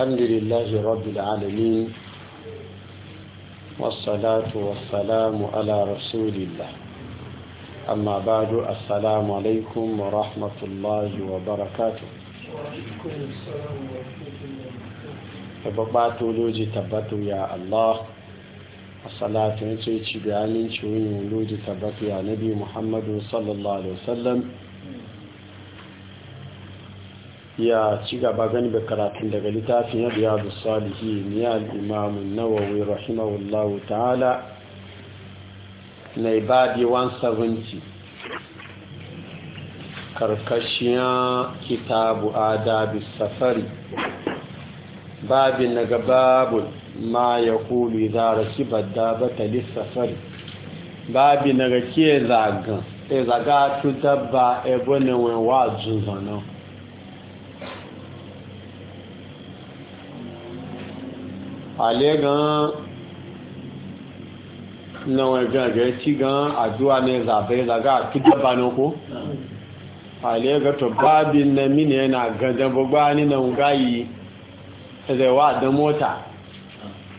الحمد لله رب العالمين والصلاة والسلام على رسول الله أما بعد السلام عليكم ورحمة الله وبركاته Babbatu loji tabbatu ya Allah, asalatu ya ce ci bayanin ciwon loji tabbatu ya Nabi Muhammadu sallallahu Alaihi wasallam ya ci gaba gani da karatun daga littafin ya biya da salihi niya al'imamun nawawi rahimahullahu ta'ala na ibadi 170 karkashiyan kitabu adabi safari babin daga gababun ma ya kuli zara kibar dabata lissafari babin na ga ke zagan e zaga eh, tu dabba ebonin eh, wa jin zanen alẹ́ gan náwọn ẹ̀gbẹ́ ẹ̀gbẹ́ tí gan àdúwà ní ẹ̀zàbẹ́ ìlàgá àtúgbàbà ní ọkọ́ alẹ́ gẹ́tọ̀ bá bí na mínú ẹ̀nà gẹ̀dẹ̀ gbogbo nínú ọgá yìí ẹ̀zẹ̀wà àdán mọ́ta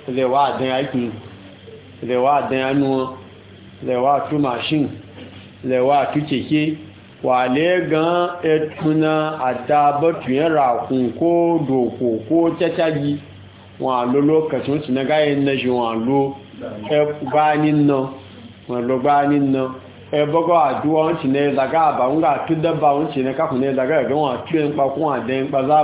ẹ̀zẹ̀wà àdán aikin ẹ̀zẹ̀wà àdán anú ẹ̀zẹ̀wà àtú machine ẹ̀zẹ̀wà àtú kèké wàlẹ́ gan ẹ̀túnà àdábọ̀tù yẹn ràkùn kó dòkò kó tẹ́tàgì wọn lo lokacin su na gayen na shi wọn lo ba nínú wọn lo ba nínú ẹgbọ́gọ́ àdúwọ́ ń ti ní ẹ̀dàgá àbà ń gà tó dẹ́bà ń ti ní kákùn ní ẹ̀dàgá ẹ̀gẹ́ wọn àtú ẹ̀ ń pa kún àdẹ́ ń pa gan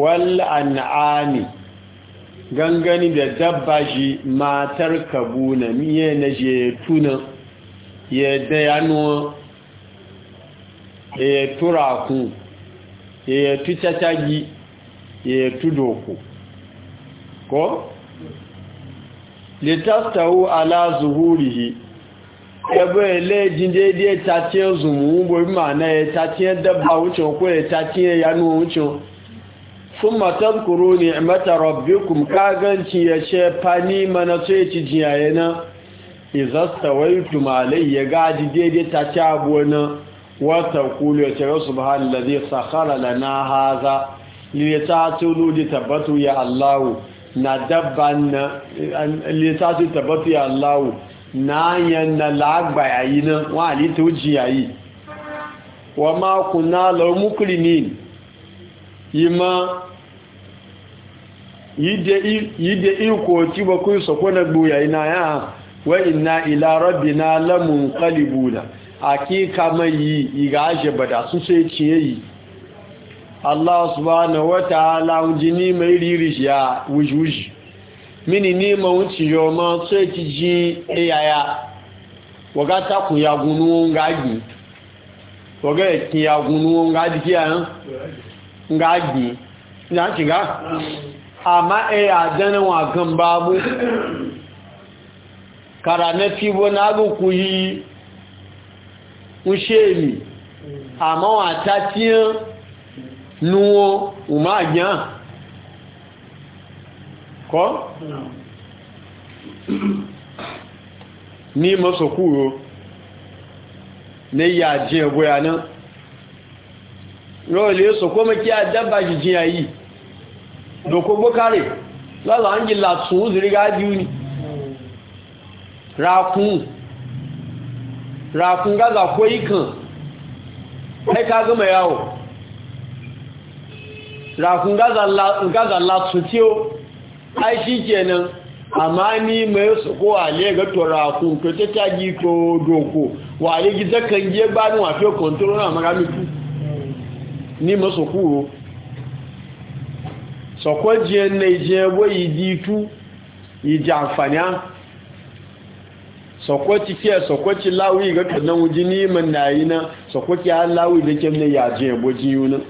wal gangani da dabba shi matar na miye na je tuna ya dayano ya turaku ya tucacagi ya ku, ko? litastahu ala zuhurihi ebe ele jinde die tatie zumu bo bi ma na tatie dabba wucho ko ya yanu wucho sun matan kuro ne mata rabbikum kaganci ya ce fani mana sai ci jiyaye na izasta malai ya gaji daidai ta ci abuwa na wata kulu ya ce rasu bahani zai sakara da na haza lita tabbatu ya allahu na dabban na ya na yan na lagba yayi na wa wa ma kuna laumukulinin yi ma yi da iko ci ba kun sako na goya ina ya wa inna ila rabbina lamun qalibuna akika mai yi igaje bada su sai ciye yi Allah subhanahu wataala ujini mai ririshiya wujuji mini ni ma wuci yo ma sai ki ji eyaya waga ta ku ya gunu ngagi waga ki ya gunu ngadi ki an ngagi ki ga amma e adanin wakan babu karane fibo na ku yi ushemi amma wata tiyan nuwo umarjan ko? ni maso kuro ne yajin goya nan rọ̀lẹ́ sọ kó mọ́ kí a dábàá jìjìn doko bokare lọ́la ń jìlá tún ó zìrí gájú ni rakun rakun gaza kó ikan ẹka gọmọ ya o rakun gaza latun tí ó aishi kenan amma ni mai suko ale ga to rakun to ta tagi to doko wale gizakan je gbanu wa fi kontrol na magamitu ni masokuro sọ̀kọ́ jẹ́ nàíjẹ́ yi ìdí ikú ìdí àǹfàní á sọ̀kọ́ ti kí ẹ sọ̀kọ́ ti láwí ìgẹ́kẹ̀ náà jí ní ìmọ̀ nàí náà sọ̀kọ́ kí á láwí ìdíkẹ́ yi ga ẹgbẹ́ jíyún náà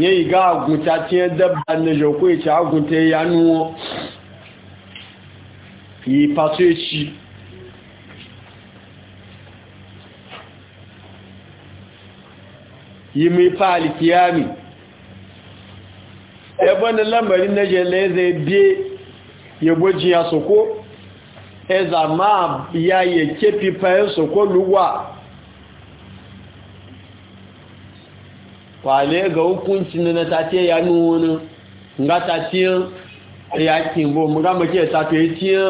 ní ìgá àgùntà tí ẹ dẹ́bà nẹjọ kó ìtì yi ìyanú wọn yìí ebe lambarin na jele zai biye ya gwajin ya soko e zama ya yake fifayen soko luwa kwale ga hukunci na tafiye ya nuna nga tafiye ya kimbo nga mace tafiye tiye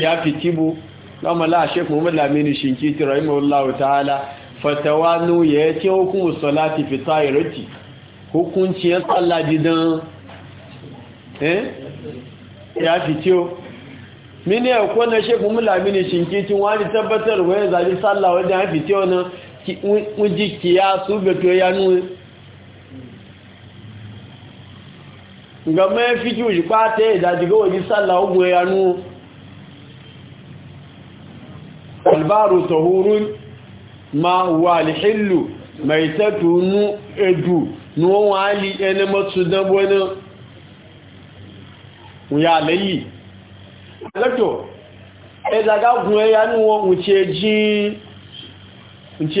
ya fitibu gama la shek muhammad lamini shinki tirahimahullahu ta'ala fatawanu ya yake hukumu salati fitayarati hukunci ya tsalla didan. Eh? ya fi mini ya shekun wani tabbatar wani sallah ya fi na wujiki ya su beto ya nuna ga mai fiki wuji kwata ya sallah ya albaru ma mai edu wali wùyà lẹ́yìn ẹlẹ́tọ̀ ẹzàgágun ẹya ní wọn ǹtí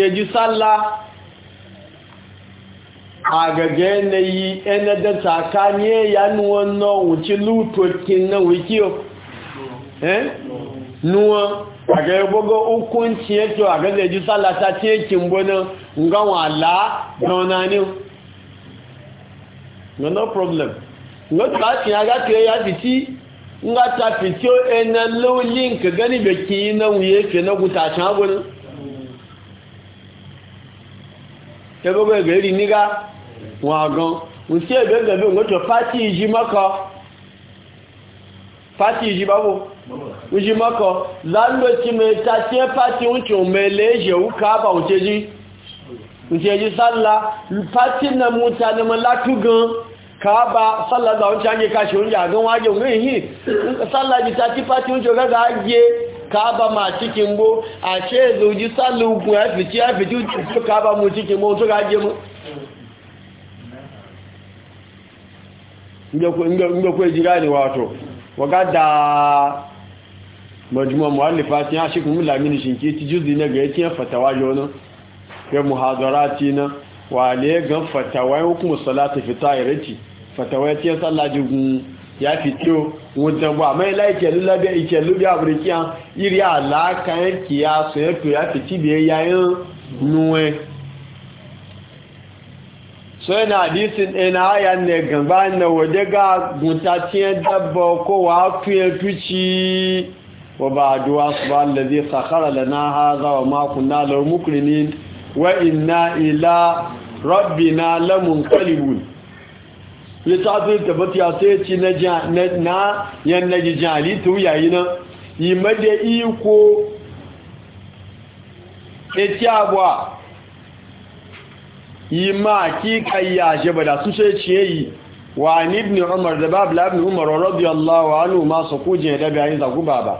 ẹjí sálá agagẹ́ ẹnẹ́yí ẹnẹ́dẹ́ta ká ní ẹya ní wọn náà ǹtí lúùtò kí náà wíkí ọ ní wọn gbogbo ukú ǹtí ẹjọ́ agagẹ́ ẹjí sálá náà problem lọ́tí láti agá kiri ya fiti ń ta fiti ẹna lóòlín ka gani bẹ kí na wuye fi na guta can agbóni ẹgbogbo ẹgbẹ̀ rí nígá wọn agan n sí ẹgbẹ̀ gẹ̀bẹ̀ ngọ́tọ̀ pàtí ìjí mọ́kọ pàtí ìjí bábò ìjí mọ́kọ ta tí pàtí ń tún mẹ́lẹ̀ ẹ̀ṣẹ̀ wú káàbà òṣèjì òṣèjì sálà pàtí na gan kaaba sallah da wancan ake kashi wunja don gan waje wurin yi sallah ji ta ci fati ga ga kaaba ma cikin a ce zoji sallah hukun ya fici ya fici su kaaba mu cikin bo su ga ajiye mu inda kuwa jira ne wato waga da majmuwa muhallifa sun ya shi kuma lamini shinki ti juzi na ga fatawa na wale gan fatawai hukumu salatu fi ta'irati fatawai ce sallah jugun ya fito wajen ba mai laike lulabe ike lulabe abirikiyan iri alaka yanki ya so ya fito ya fiti biye yayin nuwe so yana hadisin ɗina haya ne gamba na waje ga guntatiyan dabba kowa fiye fici wa ba aduwa su ba lalazi sakara da na haza wa makon na laumukulinin wa inna ila rabbina lamunqalibun litafin tabbati ya sai ci na na yan naji jali to yayi nan yi made iko eti agwa yi ma ki kayyaje bada su sai ci yi wa ni ibn umar da babu ibn umar radiyallahu anhu ma su kuje da bayan zaguba ba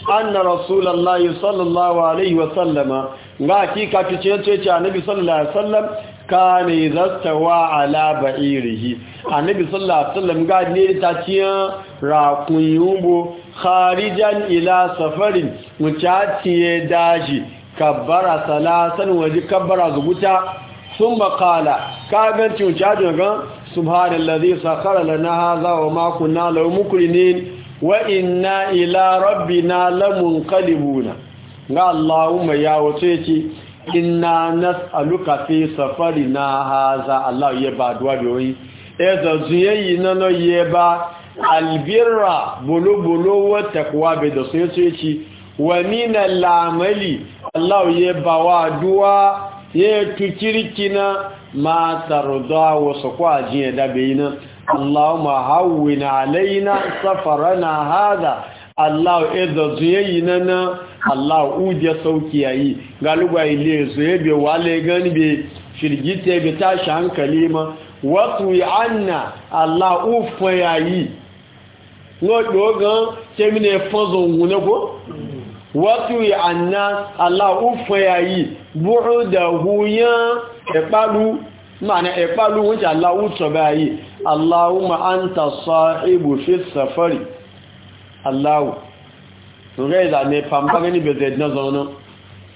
An na anna rasulullahi sallallahu alaihi wa sallama ga hakika fice ce ce annabi sallallahu alaihi wasallam kana zastawa ala ba'irihi annabi sallallahu alaihi wasallam ga ne ta ciya raqun yumbo kharijan ila safarin mutaciye daji kabbara salasan waje kabbara zubuta sun makala ka ga mutaciye ga subhanallazi sakhara lana haza wa makuna kunna lahu wa inna ila rabbina kalibuna ga Allahumma ya wace ce inna nas'aluka fi safarina haza Allah ya ba duwa biyoyi ezo zuyeyi nano ye ba albirra bulubulu wa takwa be da sai sai ci wa min al'amali Allah ya ba wa duwa ya tukirkina ma tarda wa sukwa jiya da bayina Allahumma hawwin alaina safarana haza Allah ezo yi nana Allah udiya sauki yayi galuba ile zuyebe wale gani be firgite be tashi hankali ma watu anna Allah ufa yayi no dogan semine fozo ngune ko watu anna Allah ufa yayi buuda huya epalu mana epalu wonja Allah uso bayi Allahumma anta sahibu fi safari Allahu sun rai zane famba gani bai zai na zaune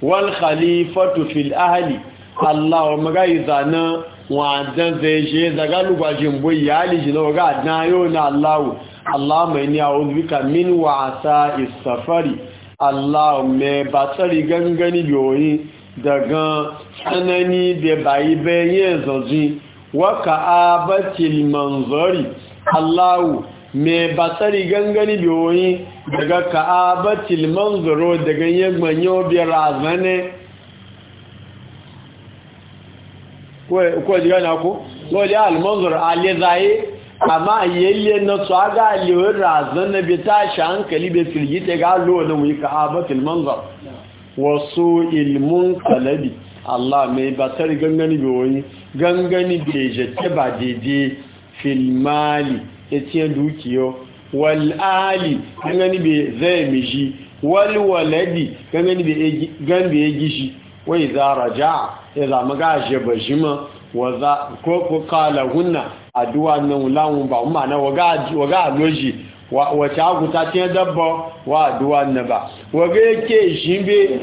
wal khalifatu fil ahli Allahu magai zane wajen zai she daga lugwajin bai ya liji na waga na yau na Allahu Allah mai ni a uzbika min wasa isafari Allah mai batsari gangani yoyi daga tsanani da bayi bayan zaji waka abatil manzari Allahu mai batsari gangani biyoyi daga ka'abatil manzaro daga yagman yau biyar a azane kuwa jiga na ku? lori almanzaro alizaye amma yayyen na su aga aliyar razana bi tashi hankali bai firgita ga na lona wuyi ka'abatil manzaro wasu ilmun kalabi Allah mai batsari gangani biyoyi gangani bai jake ba daidai filmali etiyan dukiyo wal ali gangani be zai miji wal waladi gangani be gambe ya gishi wai za raja ya zama gashe bashima wa za ko ko kala hunna addu'a nan lawun ba umma na waga waga loji wa ta guta tiyan dabba wa addu'a nan ba waga yake shimbe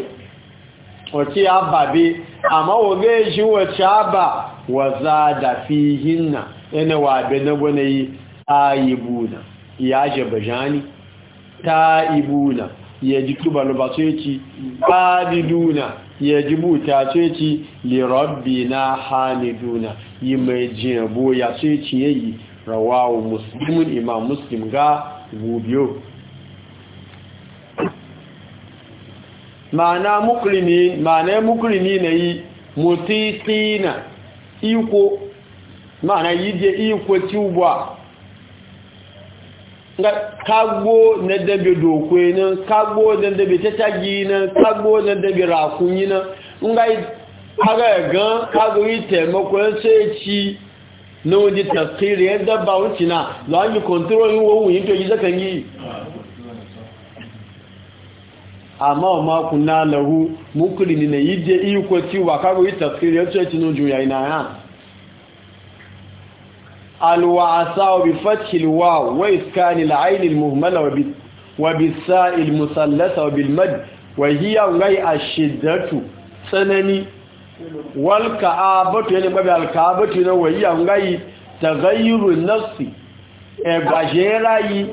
wace ababe amma waga shi wace ba wa za da fihinna yana wa be na yi. aibuna ya jabajani ta'ibuna ya ji tubalu ba su yaci abiduna ya ji buta su yaci lirabbina hamiduna yi mai jinabo ya su yaci yayi rawawo muslimin imam muslim ga gubiyo ma'ana mukrimi ma'ana mukrimi na yi mutisina iko ma'ana yi je iko tubuwa kagbo na dabe dokwe na kagbo na dabe tetagi na kagbo na dabe rakunyi na nga haga gan kagbo yi taimakon sai ci na wajen tasiri ya daba wuce na lọ a yi kontrol yin wawun yin toji zakan yi amma wa na lahu mukuli ne na yi je iko ciwa kagbo yi tasiri ya ce ci nun juyayi na ya الوعساء بفتح الواو وإسكان العين المهملة وبالساء المثلثة وبالمد وهي غي الشدة سنني والكعابة يعني بابي الكعابة وهي غي تغير النفس بجيراي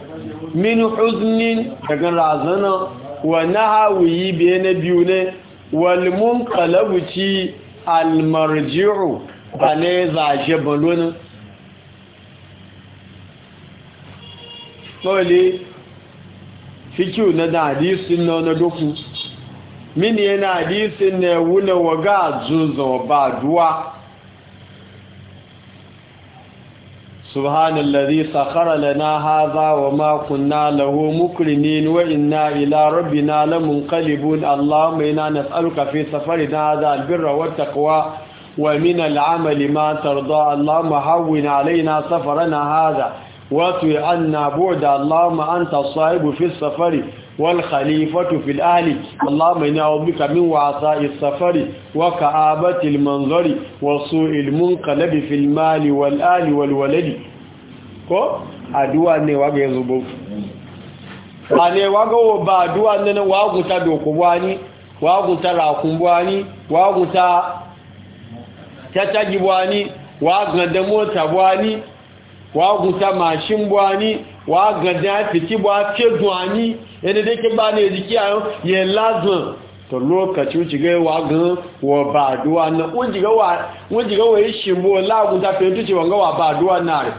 من حزن تغن رازنا ونهاوي بين بيونه والمنقلب المرجع بني زاجب لونه ƙole fikiyu na da hadisun na wani doku mini yana hadisun na wuna waga zuzo ba duwa subhanallazi sakhara lana hadha wa ma kunna lahu mukrinin wa inna ila rabbina lamunqalibun allahumma inna nas'aluka fi safarina hadha albirra wat taqwa ومن العمل ما ترضى اللهم هون علينا سفرنا هذا واتوي أن الله اللهم أنت الصائب في السفر والخليفة في الأهل اللهم نعوذك من وعطاء السفر وكآبة المنظر وسوء المنقلب في المال والآل والولد أدوى أني واقع زبوك أني واقع وبا أدوى أننا واقع تابي وكبواني واقع تابي وكبواني واقع تابي تتجبواني واقع دموة تابواني wa waguta mashin buwani wagada fiti buwa ce duwani yadda da ke ba ne jiki a yau ya lazun to lokaci wuciga wagun wa ba duwa na wujiga wa yi e shi shimbo ta fetuci wanga wa ba duwa na rai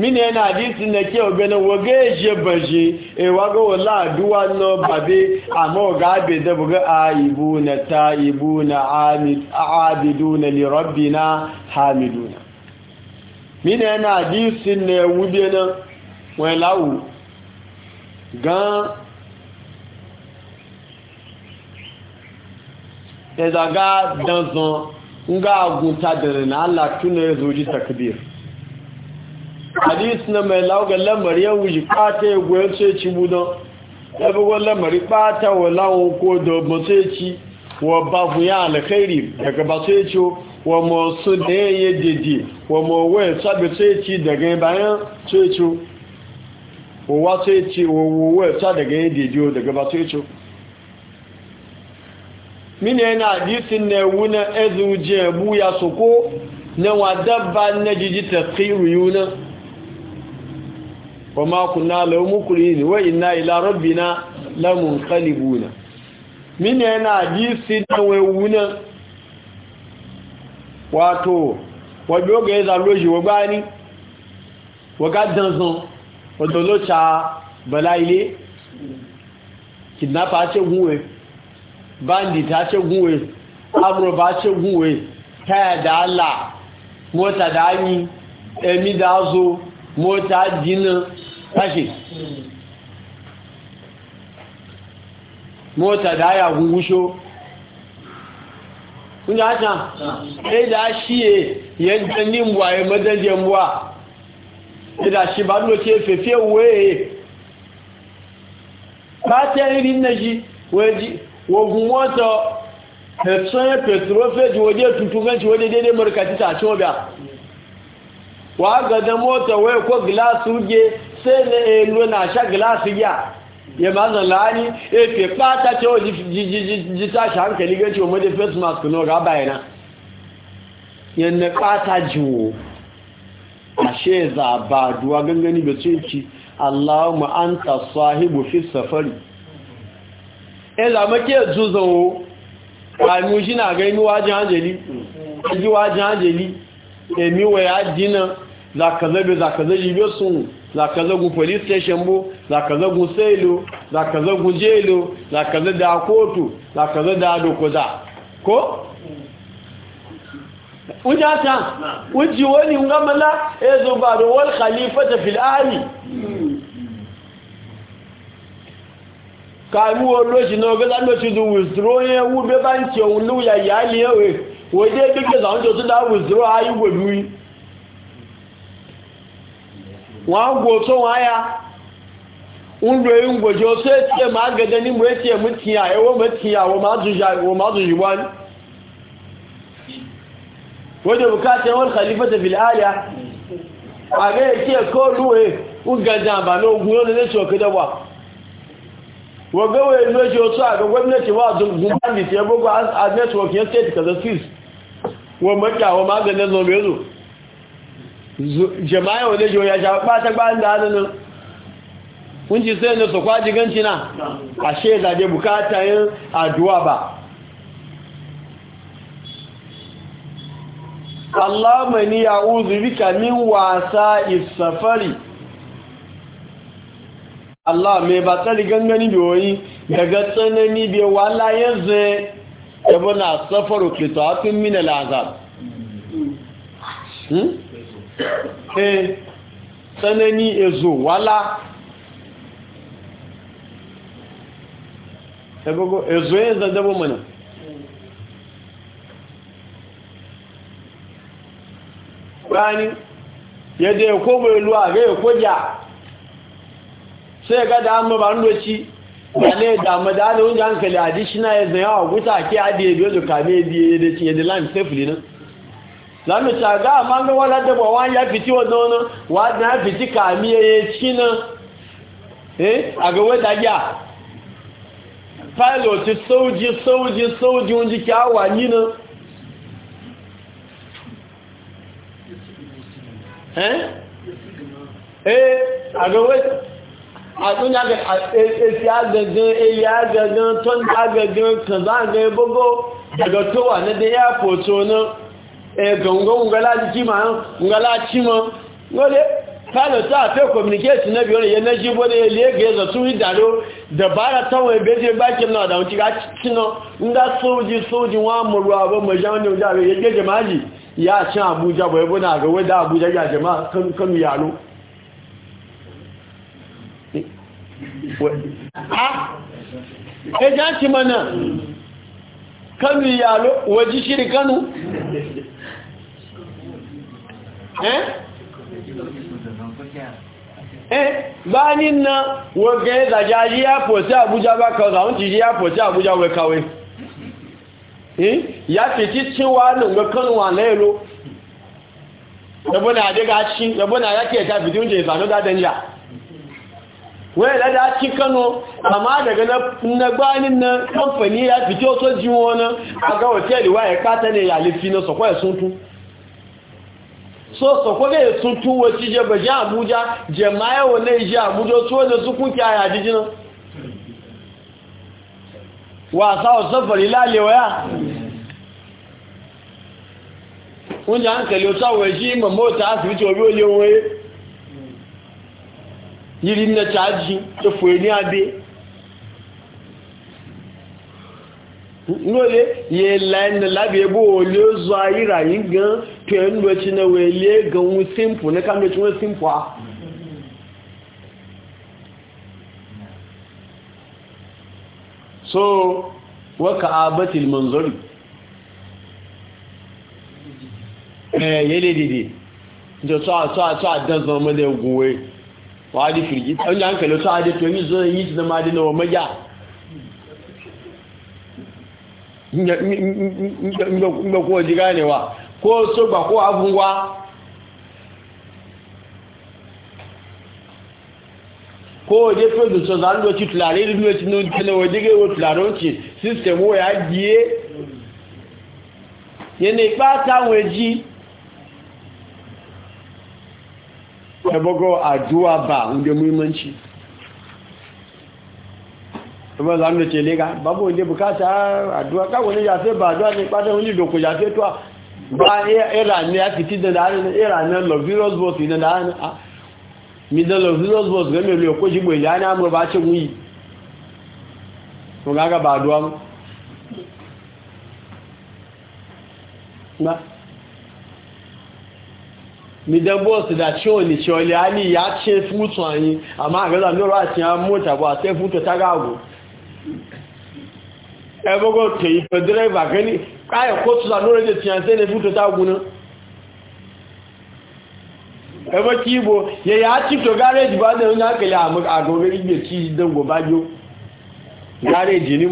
mini yana hadisi na ke obele wage je baje e wago wala aduwa no babe amma waga abe da buga aibu na taibu na abidu na rabbi na hamidu na mini na hadisi na wube na welawu gan ezaga danzon nga agunta dare na allah tuna ya zoji takbir hadith na mai lauga lamari yau ji fata ya goyon sai ci budan ya bugon lamari fata wa lawon ko da mace ci wa babu ya alkhairi daga ba sai ci wa masu da ya yi dede wa mawai sabi sai ci daga bayan sai ci wa sai ci wa wawai sa daga ya dede daga ba sai ci mini yana hadithin na wuna ezujiyar buya soko na wadabba na jijita tsiru yunan wa ma kunna lahu mukrin wa inna ila rabbina lamunqalibuna min yana jisi da wewuna wato wajo ga ya zalo shi wa bani wa gaddan sun wato locha bala ile kidnapper ce gunwe bandit ce gunwe amro ba ce gunwe taya da Allah mota da anyi emi da zo mota jinin tashi mota da ya gungusho kun da hata sai da shi ye yankin yin buwaye madajen buwa sai da shi ba ce fefe we ba ta yi rinna shi wogun mota petronye ji waje tutuganci waje daidai murkati ta cobiya wa ga da mota waya ko glass uje sai na elu na sha gilasi ya ya mazan lani ya fi fata ce wajen jita shi hankali gan ce wajen face mask no ga bayana yadda fata jiwo a she zaba duwa gangani da cinci allahumma an ta sahibu fi safari ya e zama ke zuzanwo ƙwami shi na gani wajen hanjali? ji wajen hanjali. emi wa ya dinan za ka zabe za ka zaji biyo sun za ka zagu police station bo za ka zagu selo za zagu jelo za zada kotu za ka zada dokoza ko wujata wuji wani ngamala ezo ba do wal khalifata fil ali kàrí olóṣì náà gẹ́gẹ́ lọ́tí ní wìsdúró yẹn wú bẹ́ bá ń tí òun lóòyà wọ́n gbò tó wọ́n yá ń lo eyín gbòjì ó tó ètì ẹ̀mà agẹ́gẹ́ ní mú ètì ẹ̀mú ti à ẹwọ́ mú ti à wọ́n má dùn yìí ní wọ́n tó àgẹ́ wọ́n mọ́kí jama'a wale jo ya sha bata ɓata da hannun kun ji sai da su kwaji ganci na ashe zaje bukata yin addu'a ba Allah ni ya uzu bika min wasa isafari Allah mai ba tsari gangani oyi, daga tsanani biya wala yanzu yabo na safaru kristo hafin mina Hmm? hmm? eh tsanani ezo wala ya zo ya dabo mana rani yadda ya kogo ilu a ga ya kogiya sai ga da amma ba ndoci ba ne da madalin hankali a dishina ya zanya wa guta ke adiyar biyu da kame biyu da ci yadda lamsefuli nan zanu ci a amma ga wala da ba wani ya fiti wa zaune wani ya fiti ka kami ya yi ci na eh a ga wadda ya pilot sauji sauji sauji wunji kyawa ni nan eh eh a ga wadda àtún yàgẹ̀ èsì agagán èyí agagán tó ń agagán kàzá agagán gbogbo ẹ̀gọ̀ tó wà ní dẹ̀ yà pọ̀ tó náà Eh, gangan ngala jiki ma ngala cima ngole ta fe communicate na biyo ne na ji bode le ga su idaro da bara ta wai beje baki na da wuci ga cino nga soji soji wa muru abo ma jan ne ja ye ge jama'i ya cin abuja bai buna ga wai da abuja ya ma kan kan yaro ha e jan ci mana kanu yalo waji shiri Eh? Eh? báyìí na wọ́gẹ́ ìdàjá yí àpò sí àbújá bá kọ́ ọ̀dà ti yí àpò sí àbújá wẹ́kàwé ya fi ti cin wa nùgbẹ́ wà lẹ́ẹ̀lú ẹbọ́nà àdégá ẹbọ́nà ayákì ẹ̀ta na ya fi tí ó wọn na so sokwa ga tuntu wace je ba ja abuja jama'a wannan je abuja to da su kuke a yajijin wasa wa safari lalewa ya oúnjẹ à ń tẹ̀lé ọ̀tọ́ àwọn ẹ̀jí mọ̀mọ́ ọ̀tọ́ àsìbítì orí olè wọn yìí nwole ye lain da labe ole zuwa yi gan to e yin e lokaci na wele gan wu simple na kamar e cin simple a so waka abatil manzari eh yele dide jo so so so dan zo mo le wa di firgi an yan kale so ade to yi zo yi zama de no inda kuwa ji ganewa ko sogba ko abungwa ko waje fesu so za ndoci tulare ndoci ndoci na waje gaiwa tularonci sistem wo ya giye yana ipa tawon eji ẹgbogbo àdúwà bá ń jẹ mú ìmọ̀ ń ṣe kuma za mu ce lega babu wanda bukata addu'a ka wani ya sai ba addu'a ne kwata wani doko ya ba era ne ya fiti da da era a mi da luxurious boss ga me lo ko shi boye yana mu ba ce wuyi to ga ba addu'a mu na mi da boss da choni choli ya ce futu ẹgbogbo tèyí pẹ̀dẹ́rẹ́ ìbàgẹ́ni káyẹ̀ kó tùsà lórí èdè tíyàn tẹ́lẹ̀ fún náà ẹgbẹ́ yẹ̀yà gáréjì bá ní tí ìdẹ́gbò bá gáréjì ní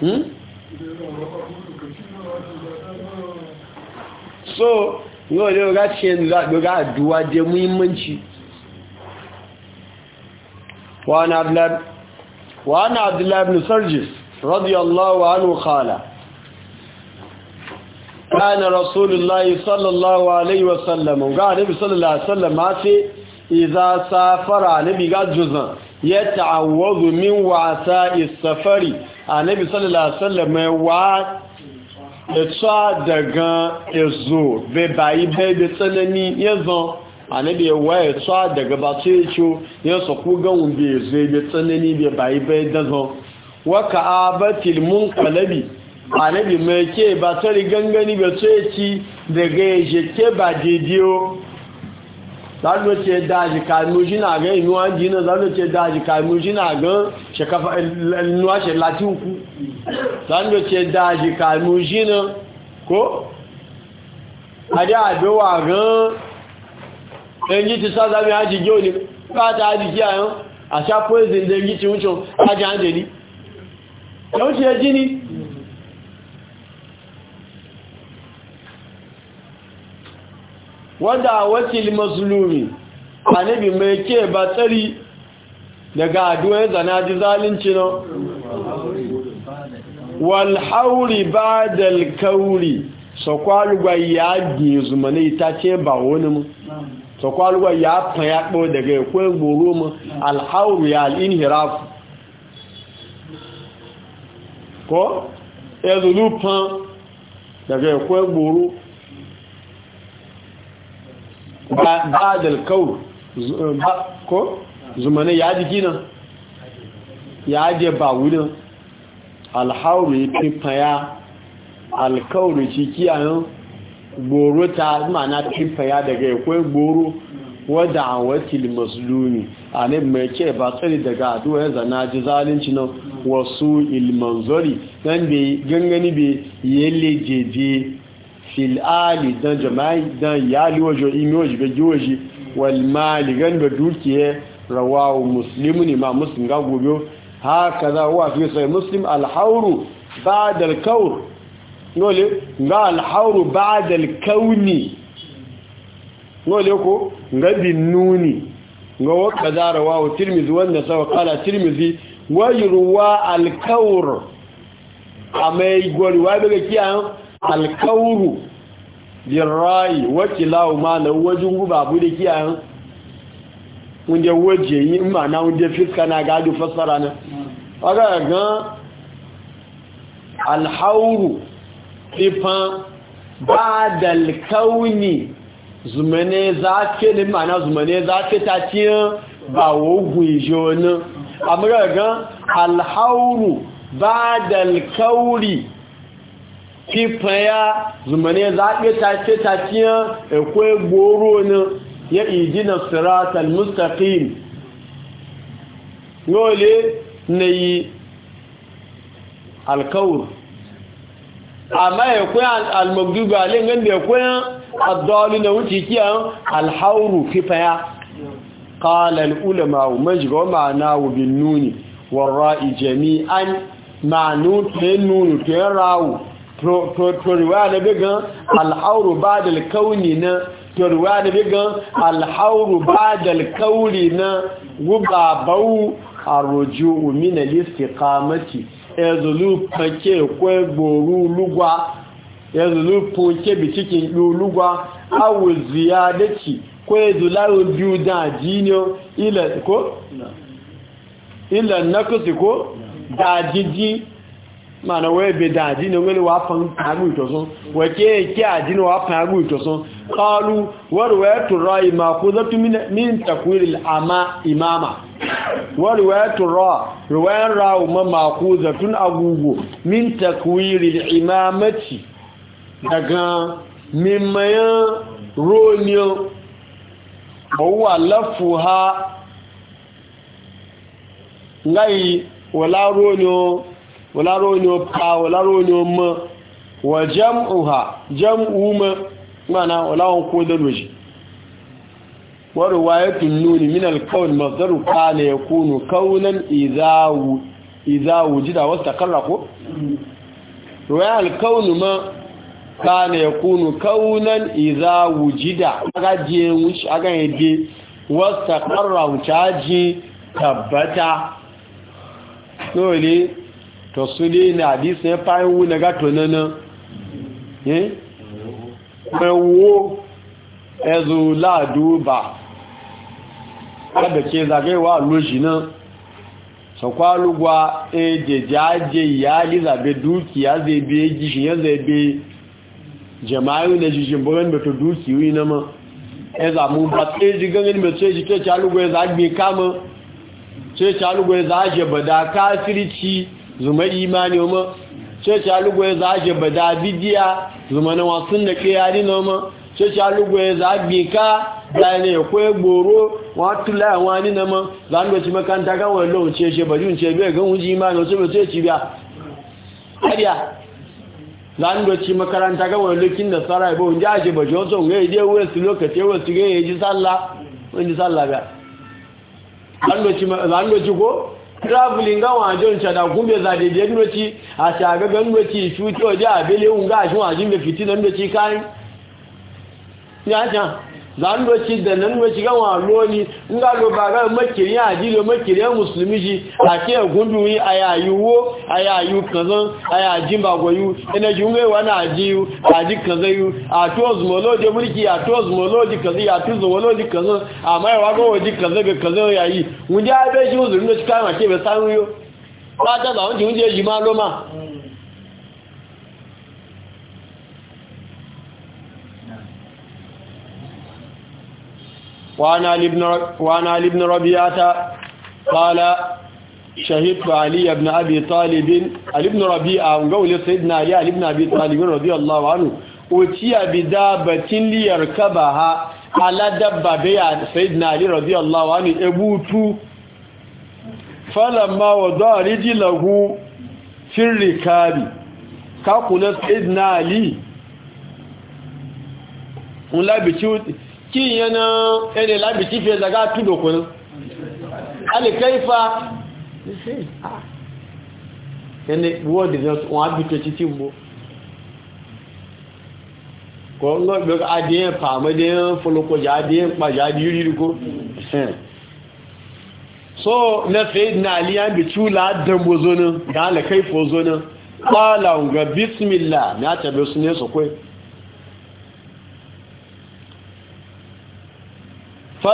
hmm? so yóò lè rá ṣe lọ́gbọ́gá muhimmanci abdullahi ibn sarjis radiyallahu anhu khala kana rasulullahi sallallahu alaihi wasallam ga nabi sallallahu alaihi wasallam ma ce idza safara nabi ga juzan ya ta'awwazu min wasa isafari a annabi sallallahu alaihi wasallam etsɔ daga ezo beba yi bɛ ebe tsanani yezɔ anabi ewa etsɔ daga ba tso etso yesɔ ko gawun bi ezo ebe tsanani beba yi bɛ dazɔ waka abatil mun kalabi bi mai ke ba tsari gangani ba tso eci daga eje ke ba dediyo zalo ce zika kanu shi na ga inuwa e jina zalo ce daji kanu shi na ga shekafa e, e, nuwa shi lati ku sanu ce daji kalmu jina ko ade abewa gan enyi ti sada mi haji jo ni pata haji ki ayan asa poison de enyi ti uncho haji anje ni yo ti eji ni wanda wakil mazlumi anabi mai ke batsari daga aduwa zanadi zalunci no walhauri ba da alkauri sakwaluwa ya gizu mana ita ce ba wani mu sakwaluwa ya faya ɓo daga ya kwaye goro mu alhauri ya al'inhiraf ko ya zulufan daga ya kwaye goro ba da kauri ko zumane ya jiki nan ya je ba wurin alhauru pipaya alkauru ci kiyayen goro ta mana pipaya daga ikwai goro wadda a wakil masulumi a ne mai ke ba tsari daga aduwa zana ji zalinci na wasu ilmanzori don bai gangani bai le, jeje fil'ali don jama'i don yali wajo imi waje bai waje walmali gan da dukiya rawawo musulmi ne ma ga gobe. hakaza huwa fi sahih muslim al-hawru ba'da al-kawr nole ga al-hawru ba'da al-kawni nole ko ga binuni ga wakaza rawahu tirmidhi wanda sawa qala tirmidhi wa yurwa al-kawr amai gori wa daga kiyan al-kawru birrai wa kilawu ma na wajin guba bu da kiyan wunde woje yi in ma na wunde fiska na gado fassara na aga gan alhauru ifan ba da alkauni zumane za ke ma na zumane za ta ciye ba wogun ijo ni amurka gan alhauru ba da alkauri fifan ya zumane za ta ce ta ciye ekwe gboro ni يهدينا الصراط المستقيم نولي إيه؟ ني الكور اما يكون المغضوب عليهم عند يكون الضالين وتيكيا الحور في فيا قال العلماء مجمع معنا بالنون والراء جميعا ما نون نون تراو تو تو روايه بعد الكون to ruwa da bigan alhauru ba da kauri na gubabau a rojo umina listi kamati ezulu fake kwe gboru lugwa ezulu fake bitikin lugwa awu ziyadaci kwe zularu biyu da jiniyo ila ko? ila nakusi ko? da jiji mana wee beda adina nwere wafan agu itosun wake ke adina wafan agu itosun qalu warwayatu ra'i ma'khudatu min min takwil al-ama imama warwayatu ra riwayan ra'u ma ma'khuzatun agugo min takwil al-imamati daga mimmayan ronio wa lafuha ngai wala ronio wọláró ni ó pa wọláró ni ó mọ́ wọ jam'uha jam'u mana wọláwọn kó dẹ́lò jì wọ́n wáyé tunnu ni minal kawun mazdaru kana ya kunu kaunan izawu jida wasu takarra ko? ma kana ya kunu kaunan tabbata to su ne na hadisi ya fayin wuna gato nanan eh wo ezu ladu ba kada ke zagaiwa loji nan sakwalugwa ejejaje ya be dukiya zai be gishin ya zai be jama'i na jishin bugan bata dukiyoyi na ma ya e zamu ba tsaye jiganin mai tsaye jike calugwa ya e zagbe kama tsaye calugwa ya e zaje bada kafirci zuma imani ma cece alugu ya zaje bada bidiya zuma na wasun da kiyari na ma cece alugu ya zabe ka zane ya kwaye gboro wato la wani na ma zan da shi makanta kan wani lon cece ba jun ce bai ga wuji imani wasu bai ce ci biya ariya zan da shi makaranta ga wani lokin da sarai ba wunji aje ba johnson ga yaje wasu lokaci wasu ga yaji sallah wani sallah biya zan da shi ko traveling ga wajen cada gumbe za da biyar noci a shaga gan noci cuto da abele un ga shi wajen da fitinan noci kayan ya can zandoci da nan wace gan walo ne in ga lo ba ga makirin ajiro makirin musulmi shi a ke gunduwi a yayuwo a yayu kazan a yajin bagoyu ina ji ngai wani ajiyu a ji kazayu a tozmology mulki a tozmology kazi a tozmology kazan a mai wa ga waje kaza ga kaza yayi mun ja be shi uzurin da shi kama ke be sanuyo ba ta ba wanda mun je jima loma وعن علي بن ربيعة قال شهدت علي بن أبي طالب علي بن ربيعة وقول سيدنا علي علي بن أبي طالب رضي الله عنه أتي بدابة ليركبها على دبابة سيدنا علي رضي الله عنه أبوتو فلما وضع رجله في الركاب كقول سيدنا علي ولا بتشوت kí ìyẹn na ẹni lábì tí fi ẹzàgá túnlòkùn alìkẹ́ifá ẹni wọ́ọ̀dì wọn ábìtò títí mbó kọ́ ń gbọ́ adìyẹn pàmọ́dìyẹn fọlọ́kọjà adìyẹn pàjá adìyẹn ríríkó so na sayid na aliyan bi cula dan bozo nan da alakai fozo nan ƙwala ga bismillah na tabi su ne su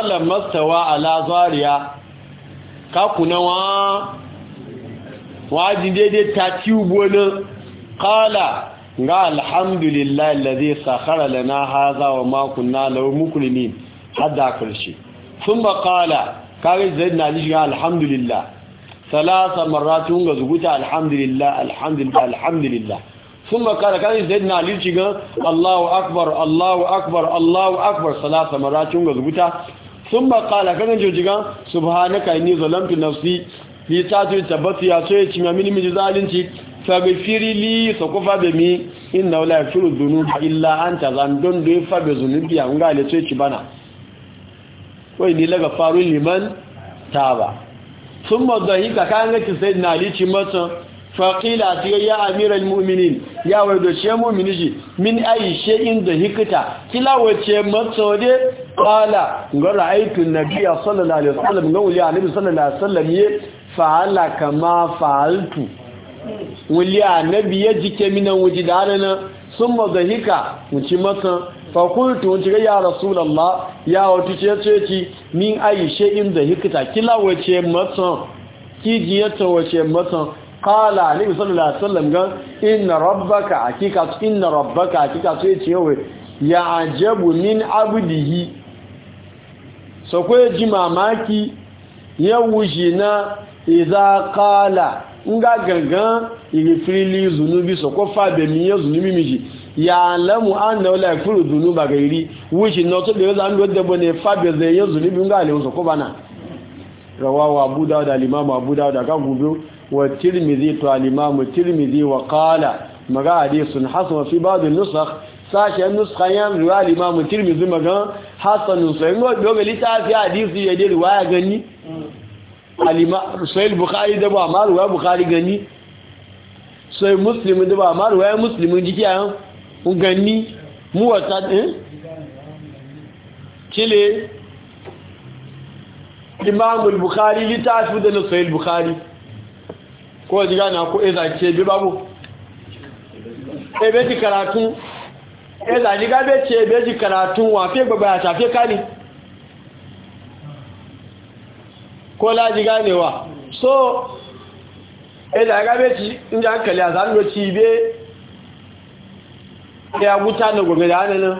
falon mastawa a zariya kakuna wa wajin daidai ta ci gona kala ga alhamdulillah lalzai sakara da na haza wa na lau mukulmi hada karshe sun ba kala kare zai na nishiga alhamdulillah salasa maratun ga zuguta alhamdulillah alhamdulillah alhamdulillah sun makara kare zai na lishiga allahu akbar allahu akbar allahu akbar salasa maratun ga zuguta sun ba kala kanan jojigan subhanaka inni zalamtu nafsi ni ta ce tabbata ya so ya ci mamini miji zalunci fagfiri li sakufa da mi inna la yafiru dhunuba illa zan don do fa be zunubi an gale so ya ci bana wai ni laga faru liman ta ba dhahika kan kayan ci sai na ci mata faƙila ta yi ya amiral mu'minin ya wadace mu'mini ji min ayi she'in da hikita kila wace matsode ƙala ga ra'aitun nabiya sallallahu alaihi wasallam ga wuli annabi sallallahu alaihi wasallam ya fa'ala kama fa'altu wuli annabi ya jike minan wuji da rana sun mazahika wuci matan fakultu wuci ga ya rasulallah ya wata ce ce ci min ayi she'in da hikita kila wace matan kijiyarta wace matan qala ni sallallahu alaihi wasallam ga inna rabbaka hakika inna rabbaka hakika sai ce yawe ya ajabu min abdihi so ko ji mamaki ya wuji na idza qala nga gangan igifrili zunubi so ko fa be mi zunubi miji ya lamu anna la yakfuru dhunuba gairi wuji no to be zan do debo ne fa be ze zunubi nga le so ko bana Rawa rawawa abu dawud al-imam abu dawud ka gubu wa tirmizi to al tirmizi wa maga hadithun hasan fi ba'd an-nusakh sashen nuskan yan riwa al tirmizi maga hasan sai ngo doga litafi hadisi ya gani al-imamu sahih bukhari da ba ma riwaya bukhari gani sai muslim da ba ma riwaya jiki ayan mu ko ji gane ko eza eh ke bi babu ebe eh, ji karatu eza eh, jiga gabe ce ebe ji karatu wa fe gbagba ya tafe kani ko la ji wa so eza gabe ci inda hankali a zanuwa ci be ya wuta na gobe da hannun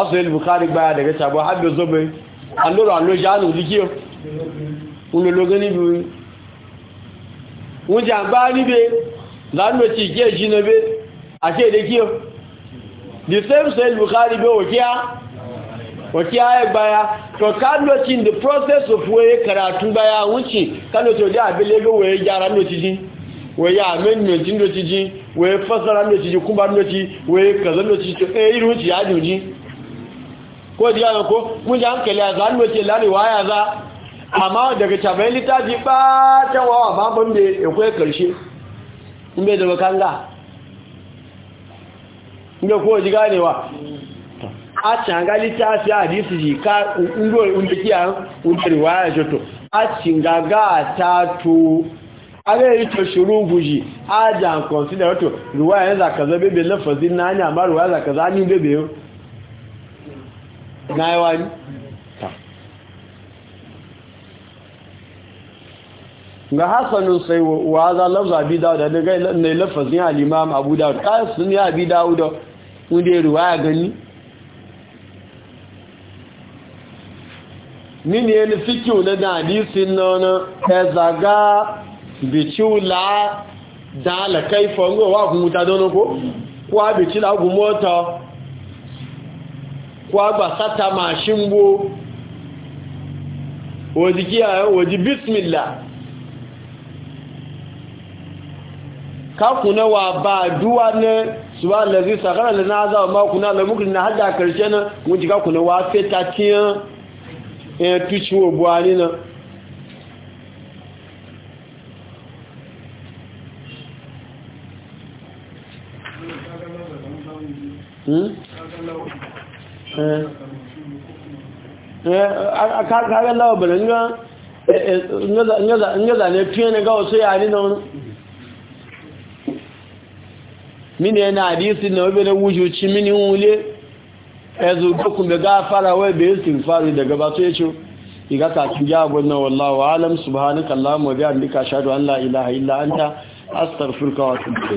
asu yi bukari baya daga sabo haɗe zobe allura allura janu jikiyo ulo lo gani biyu wọ́n jà bá níbẹ̀ lánàá tí kí ẹ̀ṣì náà bẹ́ àti kí o the same buhari bẹ́ ẹgbáyá to kánàá tí in the process of wẹ́yẹ karatu gbáyá wúnci kánàá tí ó dá abẹ́lẹ́ gẹ́ wẹ́yẹ jára náà jí wẹ́yẹ amendment náà ti amma daga cabayin littafi ba ta wawa babin da ya kwaye karshe in da zama kanga inda kowa ji ganewa a canga littafi a hadisu ji ka ungo inda kiya ungo riwaya joto a cingaga ta to a ga yi to shuru guji a jan consider wato riwaya yanzu ka zabe bai lafazin na hanya ma riwaya za ka zani bebe yau na yawa ga hasanun sai wa za lafza abi dawuda da ga ne lafazin al-imam abu da kasin ya abi dawuda wanda ruwaya gani nini yana fiki wani da hadisin nana ta zaga bici la da alakai fango wa kun wuta don ko kwa bici la mota kwa ba sata mashin bo wajikiya waji bismillah kakuna wa ba duwa ne ba lalazi sakara da na za ma kuna lamukin na hada karshe na wunci kakuna wa feta tiyan ya eh, tuci wa ha na hmm? eh, eh, a kakarar lawa balanga in yaza fiye ne ga wasu yari mini yana hadisi na wabe na wujuci mini wule ya zuba gafara wai bai istighfari daga ba to yace iga ka ki ja gwanna wallahi alam subhanakallahumma wa bihamdika ashhadu an la ilaha an anta astar wa